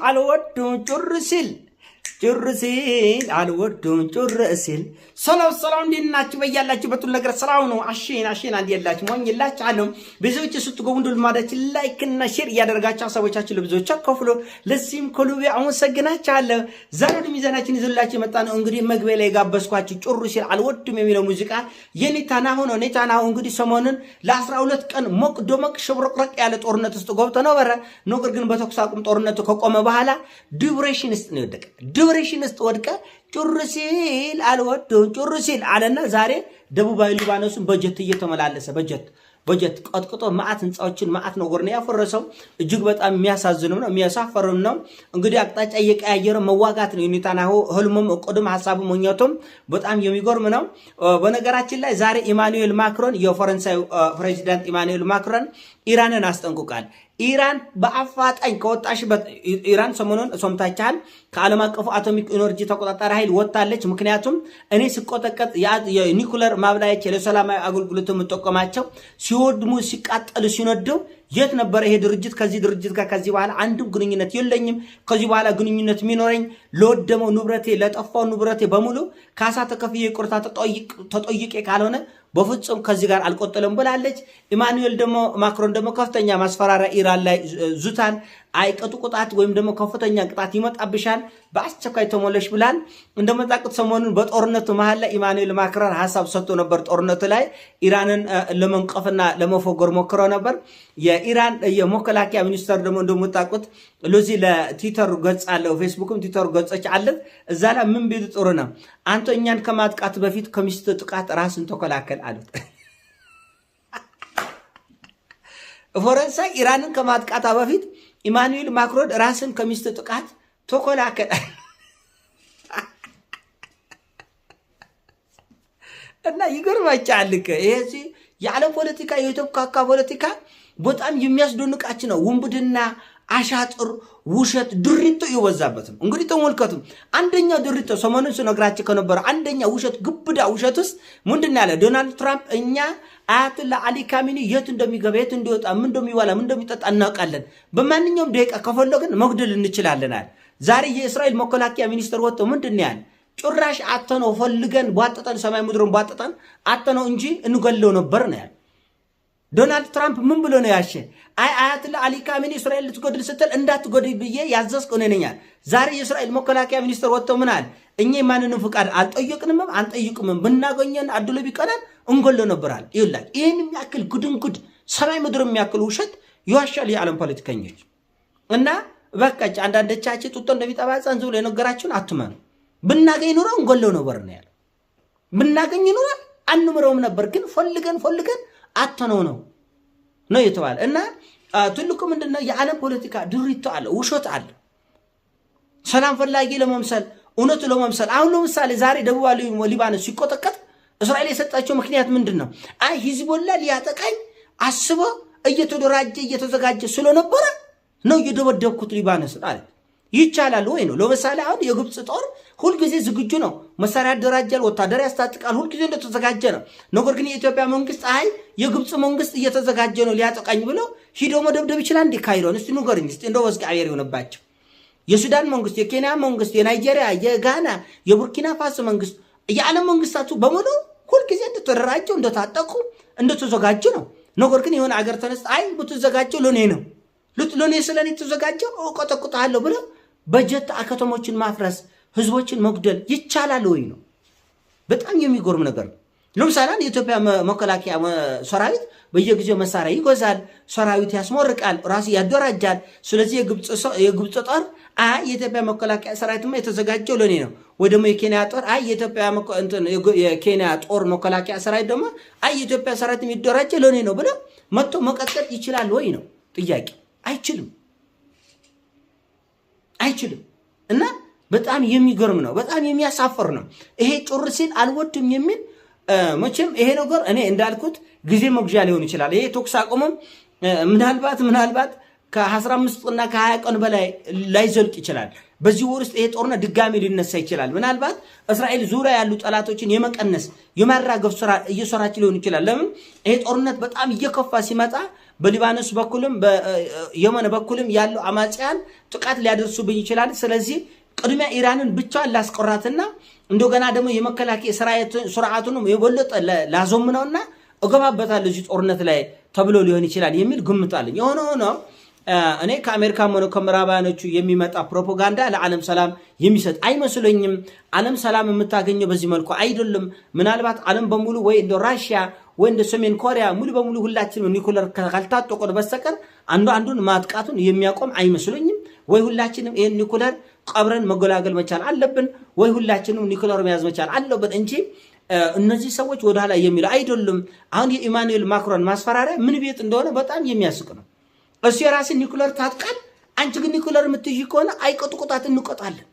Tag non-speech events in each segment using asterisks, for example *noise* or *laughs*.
على ود تنشر سل ጩር ሲል አልወዱም። ጩር ሲል ሰላም ሰላም፣ እንዴት ናችሁ? በያላችሁበት ሁሉ ነገር ሰላም ነው። አሽን አሽን አንዴላችሁ ሞኝላችሁ አለም ብዙዎች ስትገቡ እንደ ልማዳችን ላይክ እና ሼር እያደረጋችሁ ሀሳቦቻችሁ ለብዙዎች አካፍሎ ለዚህም ከልቤ አመሰግናችኋለሁ። ዛሬ ወደ ሚዛናችን ይዘላችሁ የመጣ ነው። እንግዲህ መግቢያ ላይ ጋበዝኳችሁ ጩር ሲል አልወዱም የሚለው ሙዚቃ የኔ ታናሁ ነው። እኔ እንግዲህ ሰሞኑን ለአስራ ሁለት ቀን ሞቅ ዶመቅ ሽብረቅረቅ ያለ ጦርነት ውስጥ ገብቶ ነበረ። ነገር ግን በተኩስ አቁም ጦርነቱ ከቆመ በኋላ ዲፕሬሽን ውስጥ ነው የወደቀ ዲፕሬሽን ውስጥ ወድቀ ጩር ሲል አልወደውም ጩር ሲል አለና ዛሬ ደቡባዊ ሊባኖስን በጀት እየተመላለሰ በጀት በጀት ቀጥቅጦ ማአት ህንፃዎችን ማአት ነገር ነው ያፈረሰው። እጅግ በጣም የሚያሳዝንም ነው የሚያሳፈርም ነው። እንግዲህ አቅጣጫ እየቀያየረ መዋጋት ነው የኔታንያሁ ህልሙም፣ እቅዱም፣ ሀሳቡ፣ ሞኘቱም በጣም የሚጎርም ነው። በነገራችን ላይ ዛሬ ኢማኑኤል ማክሮን የፈረንሳይ ፕሬዚዳንት ኢማኑኤል ማክሮን ኢራንን አስጠንቅቋል። ኢራን በአፋጣኝ ከወጣሽበት ኢራን ሰሞኑን ሰምታችኋል፣ ከዓለም አቀፉ አቶሚክ ኢነርጂ ተቆጣጣሪ ኃይል ወጥታለች። ምክንያቱም እኔ ስቆጠቀጥ የኒኩለር ማብላያች ለሰላማዊ አገልግሎት የምጠቀማቸው ሲወድሙ ሲቃጠሉ ሲነደው የት ነበረ ይሄ ድርጅት? ከዚህ ድርጅት ጋር ከዚህ በኋላ አንድም ግንኙነት የለኝም። ከዚህ በኋላ ግንኙነት የሚኖረኝ ለወደመው ንብረቴ፣ ለጠፋው ንብረቴ በሙሉ ካሳ ተከፍዬ ቁርታ ተጠይቄ ካልሆነ በፍጹም ከዚህ ጋር አልቆጠለም ብላለች። ኢማኑኤል ደግሞ ማክሮን ደግሞ ከፍተኛ ማስፈራሪያ ኢራን ላይ ዙታን አይቀጡ ቅጣት ወይም ደግሞ ከፍተኛ ቅጣት ይመጣብሻል፣ በአስቸኳይ ተሞለሽ ብላል። እንደመጣቅት ሰሞኑን በጦርነቱ መሀል ላይ ኢማኑኤል ማክረር ሀሳብ ሰጥቶ ነበር። ጦርነቱ ላይ ኢራንን ለመንቀፍና ለመፎገር ሞክሮ ነበር። የኢራን የመከላከያ ሚኒስተር ደግሞ እንደመጣቁት ሎዚ ለትዊተር ገጽ አለው፣ ፌስቡክም ትዊተር ገጾች አለት። እዛ ላይ ምን ቢሉ ጥሩ ነው፣ አንተ እኛን ከማጥቃት በፊት ከሚስት ጥቃት ራስን ተከላከል አሉት። *laughs* ፈረንሳይ ኢራንን ከማጥቃታ በፊት ኢማኑኤል ማክሮን ራስን ከሚስቱ ጥቃት ተኮላከለ እና ይገርማችኋል። ይሄ የዓለም ፖለቲካ የኢትዮጵያ ፖለቲካ በጣም የሚያስደንቃችን ነው። ውንብድና አሻጥር፣ ውሸት፣ ድሪቶ ይወዛበትም። እንግዲህ ተመልከቱ። አንደኛ ድሪቶ ሰሞኑን ስነግራቸው ከነበረ አንደኛ ውሸት፣ ግብዳ ውሸት ውስጥ ምንድን ያለ ዶናልድ ትራምፕ እኛ አያቶላ አሊ ካሚኒ የት እንደሚገባ የት እንዲወጣ፣ ምን እንደሚበላ፣ ምን እንደሚጠጣ እናውቃለን። በማንኛውም ደቂቃ ከፈለግን መግደል አለ። ዛሬ የእስራኤል መከላከያ ሚኒስትር ወጥቶ ምንድን ያለ ጭራሽ አተነው ፈልገን ቧጠጠን፣ ሰማይ ምድሩን ቧጠጠን አተነው እንጂ እንገለው ነበር ነው ያለ ዶናልድ ትራምፕ ምን ብሎ ነው ያሸ? አይ አያትላ አሊ ካሜኒ እስራኤል ልትጎድል ስትል እንዳትጎድል ብዬ ያዘዝኩ ነኛል። ዛሬ የእስራኤል መከላከያ ሚኒስትር ምን ምናል፣ እኛ የማንንም ፍቃድ አልጠየቅንምም አንጠይቅምም፣ ብናገኘን አድሎ ቢቀናን እንጎሎ ነበራል። ይላል ይህን የሚያክል ጉድንጉድ ሰማይ ምድር የሚያክል ውሸት ይዋሻል የዓለም ፖለቲከኞች እና በቃጭ አንዳንዶቻችሁ ጡጦ እንደሚጠባ ሕፃን ዝም ብሎ የነገራችሁን አትመኑ። ብናገኝ ኑሮ እንጎሎ ነበር ነው ያለው። ብናገኝ ኑሮ አንምረውም ነበር፣ ግን ፈልገን ፈልገን አተነው ነው ነው የተባለ እና ትልቁ ምንድነው የዓለም ፖለቲካ ድሪቶ አለ፣ ውሾት አለ። ሰላም ፈላጊ ለመምሰል እውነቱ ለመምሰል አሁን ለምሳሌ ዛሬ ደቡባዊ ሊባኖስ ሲቆጠቀጥ እስራኤል የሰጣቸው ምክንያት ምንድን ነው? አይ ሂዝቦላ ሊያጠቃኝ አስበ እየተደራጀ እየተዘጋጀ ስለነበረ ነው እየደበደብኩት ሊባኖስን አለ። ይቻላል ወይ ነው። ለምሳሌ አሁን የግብፅ ጦር ሁልጊዜ ዝግጁ ነው። መሳሪያ ያደራጃል፣ ወታደር ያስታጥቃል፣ ሁልጊዜ እንደተዘጋጀ ነው። ነገር ግን የኢትዮጵያ መንግስት አይ የግብፅ መንግስት እየተዘጋጀ ነው ሊያጠቃኝ ብለው ሂዶ መደብደብ ይችላል። እንዲ ካይሮን እስቲ ንገርኝ እስቲ እንደው እግዚአብሔር ይሆንባቸው። የሱዳን መንግስት፣ የኬንያ መንግስት፣ የናይጄሪያ፣ የጋና፣ የቡርኪና ፋሶ መንግስት፣ የዓለም መንግስታቱ በሙሉ ሁልጊዜ እንደተደራጀው እንደታጠቁ፣ እንደተዘጋጁ ነው። ነገር ግን የሆነ አገር ተነስተ አይ ብትዘጋጀው ለኔ ነው ለኔ ስለኔ የተዘጋጀው እቆጠቁጣለሁ ብለው በጀት ከተሞችን ማፍረስ፣ ህዝቦችን መጉደል ይቻላል ወይ ነው። በጣም የሚጎርም ነገር ነው። ለምሳሌ የኢትዮጵያ መከላከያ ሰራዊት በየጊዜው መሳሪያ ይገዛል፣ ሰራዊት ያስሞርቃል፣ ራሱ ያደራጃል። ስለዚህ የግብፅ ጦር አይ የኢትዮጵያ መከላከያ ሰራዊትማ የተዘጋጀው ለእኔ ነው፣ ወይ ደግሞ የኬንያ ጦር አይ የኬንያ ጦር መከላከያ ሰራዊት ደግሞ አይ የኢትዮጵያ ሰራዊት የሚደራጀ ለእኔ ነው ብሎ መጥቶ መቀጠል ይችላል ወይ ነው ጥያቄ። አይችልም። አይችልም እና በጣም የሚገርም ነው። በጣም የሚያሳፍር ነው። ይሄ ጭር ሲል አልወድም የሚል መቼም ይሄ ነገር እኔ እንዳልኩት ጊዜ መግዣ ሊሆን ይችላል። ይሄ ተኩስ አቁምም ምናልባት ምናልባት ከ15 እና ከ20 ቀን በላይ ላይዘልቅ ይችላል። በዚህ ወር ውስጥ ይሄ ጦርነት ድጋሚ ሊነሳ ይችላል። ምናልባት እስራኤል ዙሪያ ያሉ ጠላቶችን የመቀነስ የማራገፍ ስራ እየሰራች ሊሆን ይችላል። ለምን ይሄ ጦርነት በጣም እየከፋ ሲመጣ በሊባኖስ በኩልም በየመን በኩልም ያሉ አማጽያን ጥቃት ሊያደርሱብኝ ይችላል። ስለዚህ ቅድሚያ ኢራንን ብቻዋን ላስቆራትና እንደገና ደግሞ የመከላከያ ስርዓቱንም የበለጠ ላዞምነውና እገባበታለሁ እዚህ ጦርነት ላይ ተብሎ ሊሆን ይችላል የሚል ግምት አለኝ። የሆነ ሆኖም እኔ ከአሜሪካም ሆነ ከምዕራባያኖቹ የሚመጣ ፕሮፓጋንዳ ለዓለም ሰላም የሚሰጥ አይመስለኝም። ዓለም ሰላም የምታገኘው በዚህ መልኩ አይደለም። ምናልባት ዓለም በሙሉ ወይ እንደ ራሽያ ወይ እንደ ሰሜን ኮሪያ ሙሉ በሙሉ ሁላችንም ኒኩለር ካልታጠቆን በስተቀር አንዱ አንዱን ማጥቃቱን የሚያቆም አይመስለኝም። ወይ ሁላችንም ይህን ኒኩለር ቀብረን መጎላገል መቻል አለብን፣ ወይ ሁላችንም ኒኩለር መያዝ መቻል አለብን እንጂ እነዚህ ሰዎች ወደኋላ የሚለው አይደሉም። አሁን የኢማኑኤል ማክሮን ማስፈራሪያ ምን ቤት እንደሆነ በጣም የሚያስቅ ነው። እሱ የራስን ኒኩለር ታጥቃል። አንቺ ግን ኒኩለር የምትይ ከሆነ አይቀጡ ቁጣት እንቆጣለን፣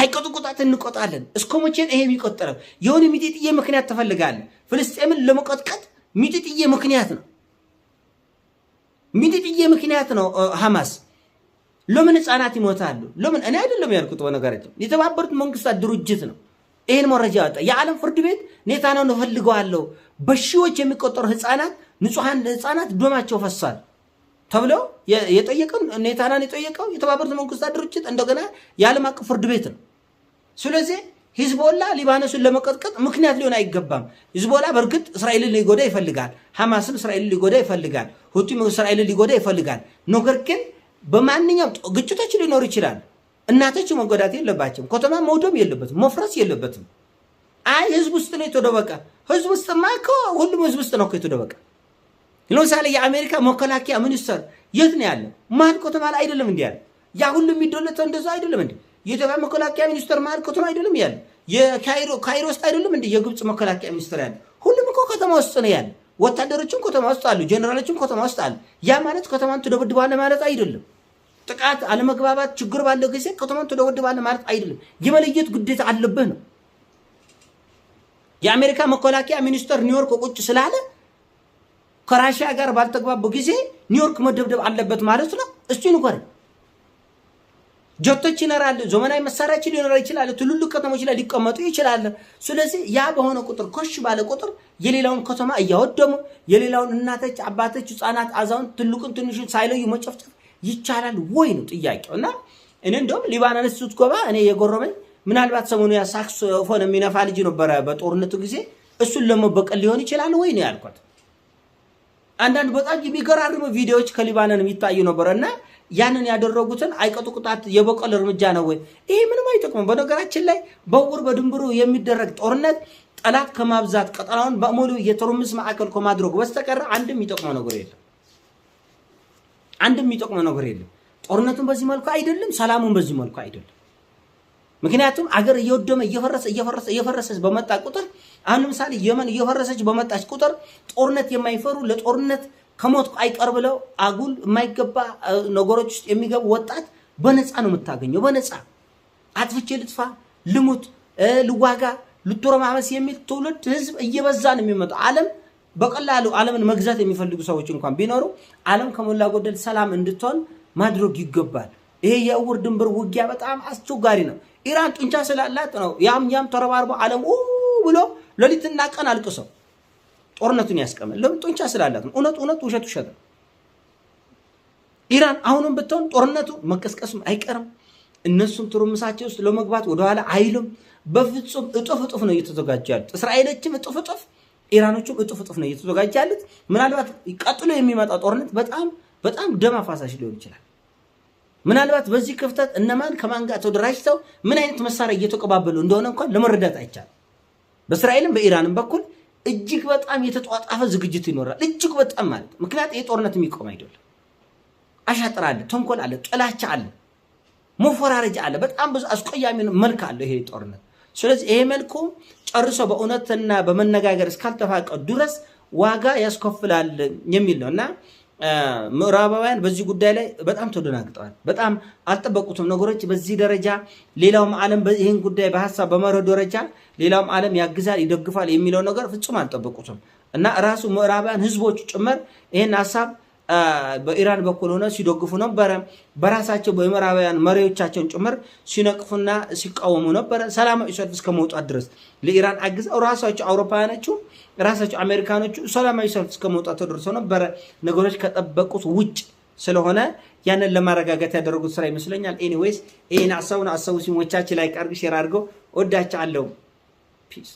አይቀጡ ቁጣት እንቆጣለን። እስከ መቼን ይሄ የሚቆጠረው? የሆነ ሚጢጥዬ ምክንያት ትፈልጋለን ፍልስጤምን ለመቀጥቀጥ ሚጢጥዬ ምክንያት ነው፣ ሚጢጥዬ ምክንያት ነው ሐማስ። ለምን ህፃናት ይሞታሉ? ለምን እኔ አይደለም ያልኩት። በነገራችን የተባበሩት መንግስታት ድርጅት ነው ይህን መረጃ ያወጣ። የዓለም ፍርድ ቤት ኔታ ነው እፈልገዋለሁ። በሺዎች የሚቆጠሩ ህፃናት ንጹሐን ህፃናት ደማቸው ፈሷል። ተብለው የጠየቀው ኔታናን የጠየቀው የተባበሩት መንግስታት ድርጅት እንደገና የዓለም አቀፍ ፍርድ ቤት ነው። ስለዚህ ሂዝቦላ ሊባኖስን ለመቀጥቀጥ ምክንያት ሊሆን አይገባም። ሂዝቦላ በእርግጥ እስራኤልን ሊጎዳ ይፈልጋል። ሐማስም እስራኤልን ሊጎዳ ይፈልጋል። ሁቲም እስራኤልን ሊጎዳ ይፈልጋል። ነገር ግን በማንኛውም ግጭቶች ሊኖር ይችላል። እናቶች መጎዳት የለባቸውም። ከተማ መውደም የለበትም፣ መፍረስ የለበትም። አይ ህዝብ ውስጥ ነው የተደበቀ። ህዝብ ውስጥማ ሁሉም ህዝብ ውስጥ ነው የተደበቀ። ለምሳሌ የአሜሪካ መከላከያ ሚኒስተር የት ነው ያለው? መሀል ከተማ አይደለም እንዲ ያለ ያ ሁሉ የሚዶለተው እንደዛ አይደለም እንዲ የኢትዮጵያ መከላከያ ሚኒስተር መሀል ከተማ አይደለም ያለ የካይሮ ካይሮ ውስጥ አይደለም እንዲ የግብፅ መከላከያ ሚኒስተር ያለ ሁሉም እኮ ከተማ ውስጥ ነው ያለ። ወታደሮችም ከተማ ውስጥ አሉ፣ ጀኔራሎችም ከተማ ውስጥ አሉ። ያ ማለት ከተማን ትደበድባለህ ማለት አይደለም። ጥቃት፣ አለመግባባት፣ ችግር ባለው ጊዜ ከተማን ትደበድባለህ ማለት አይደለም። የመለየት ግዴታ አለብህ ነው። የአሜሪካ መከላከያ ሚኒስተር ኒውዮርክ ቁጭ ስላለ ከራሽያ ጋር ባልተግባቡ ጊዜ ኒውዮርክ መደብደብ አለበት ማለት ነው። እስቲ ንገረኝ። ጀቶች ይኖራሉ፣ ዘመናዊ መሳሪያችን ሊኖራ ይችላል፣ ትልልቅ ከተሞች ላይ ሊቀመጡ ይችላል። ስለዚህ ያ በሆነ ቁጥር ኮሽ ባለ ቁጥር የሌላውን ከተማ እያወደሙ የሌላውን እናቶች፣ አባቶች፣ ህጻናት፣ አዛውንት ትልቁን ትንሹን ሳይለዩ መጨፍጨፍ ይቻላል ወይ ነው ጥያቄው። እና እኔ እንደውም ሊባኖስ ስትጎባ እኔ የጎረመኝ ምናልባት ሰሞኑ ያ ሳክሶፎን የሚነፋ ልጅ ነበረ በጦርነቱ ጊዜ እሱን ለመበቀል ሊሆን ይችላል ወይ ነው ያልኳት። አንዳንድ በጣም የሚገራርሙ ቪዲዮዎች ከሊባኖን የሚታዩ ነበረ እና ያንን ያደረጉትን አይቀጡ ቅጣት የበቀል እርምጃ ነው ወይ? ይሄ ምንም አይጠቅምም። በነገራችን ላይ በውር በድንብሩ የሚደረግ ጦርነት ጠላት ከማብዛት ቀጠናውን በሙሉ የትርምስ ማዕከል ከማድረጉ በስተቀር አንድም የሚጠቅመው ነገር የለም። አንድም የሚጠቅመው ነገር የለም። ጦርነቱን በዚህ መልኩ አይደለም፣ ሰላሙን በዚህ መልኩ አይደለም። ምክንያቱም አገር እየወደመ እየፈረሰ እየፈረሰ እየፈረሰች በመጣ ቁጥር አሁን ለምሳሌ የመን እየፈረሰች በመጣች ቁጥር ጦርነት የማይፈሩ ለጦርነት ከሞት አይቀር ብለው አጉል የማይገባ ነገሮች ውስጥ የሚገቡ ወጣት በነፃ ነው የምታገኘው። በነፃ አጥፍቼ ልጥፋ፣ ልሙት፣ ልዋጋ፣ ልተረማመስ የሚል ትውልድ ህዝብ እየበዛ ነው የሚመጣው። ዓለም በቀላሉ ዓለምን መግዛት የሚፈልጉ ሰዎች እንኳን ቢኖሩ ዓለም ከሞላ ጎደል ሰላም እንድትሆን ማድረግ ይገባል። ይሄ የእውር ድንበር ውጊያ በጣም አስቸጋሪ ነው። ኢራን ጡንቻ ስላላት ነው ያም ያም ተረባርቦ ዓለም ብሎ ሌሊትና ቀን አልቅሰው ጦርነቱን ያስቀመል። ለምን ጡንቻ ስላላት ነው። እውነት እውነት፣ ውሸት ውሸት ነው። ኢራን አሁንም ብትሆን ጦርነቱ መቀስቀሱም አይቀርም። እነሱም ትርምሳቸው ውስጥ ለመግባት ወደኋላ አይሉም በፍጹም እጥፍ እጥፍ ነው እየተዘጋጁ ያሉት። እስራኤሎችም እጥፍ እጥፍ፣ ኢራኖችም እጥፍ እጥፍ ነው እየተዘጋጁ ያሉት። ምናልባት ቀጥሎ የሚመጣ ጦርነት በጣም በጣም ደም አፋሳሽ ሊሆን ይችላል። ምናልባት በዚህ ክፍተት እነማን ከማን ጋር ተደራጅተው ምን አይነት መሳሪያ እየተቀባበሉ እንደሆነ እንኳን ለመረዳት አይቻልም። በእስራኤልም በኢራንም በኩል እጅግ በጣም የተጧጣፈ ዝግጅት ይኖራል። እጅግ በጣም ማለት ምክንያት ይህ ጦርነት የሚቆም አይደለም። አሻጥር አለ፣ ተንኮል አለ፣ ጥላቻ አለ፣ መፈራረጃ አለ። በጣም ብዙ አስቆያሚ መልክ አለ ይሄ ጦርነት። ስለዚህ ይሄ መልኩ ጨርሶ በእውነትና በመነጋገር እስካልተፋቀ ድረስ ዋጋ ያስከፍላል የሚል ነው እና ምዕራባውያን በዚህ ጉዳይ ላይ በጣም ተደናግጠዋል። በጣም አልጠበቁትም ነገሮች በዚህ ደረጃ ሌላውም ዓለም ይህን ጉዳይ በሀሳብ በመርህ ደረጃ ሌላውም ዓለም ያግዛል፣ ይደግፋል የሚለው ነገር ፍጹም አልጠበቁትም እና ራሱ ምዕራባውያን ህዝቦቹ ጭምር ይህን ሀሳብ በኢራን በኩል ሆነ ሲደግፉ ነበረ። በራሳቸው በምዕራባውያን መሪዎቻቸውን ጭምር ሲነቅፉና ሲቃወሙ ነበረ። ሰላማዊ ሰልፍ እስከ መውጣት ድረስ ለኢራን አግዘው ራሳቸው አውሮፓውያኖቹ ራሳቸው አሜሪካኖቹ ሰላማዊ ሰልፍ እስከ መውጣት ተደርሰው ነበረ። ነገሮች ከጠበቁት ውጭ ስለሆነ ያንን ለማረጋጋት ያደረጉት ስራ ይመስለኛል። ኤኒዌይስ ይህን አሳቡን አሳቡ ሲሞቻችን ላይ ቀርግ ሼር አድርገው ወዳቸ አለው ፒስ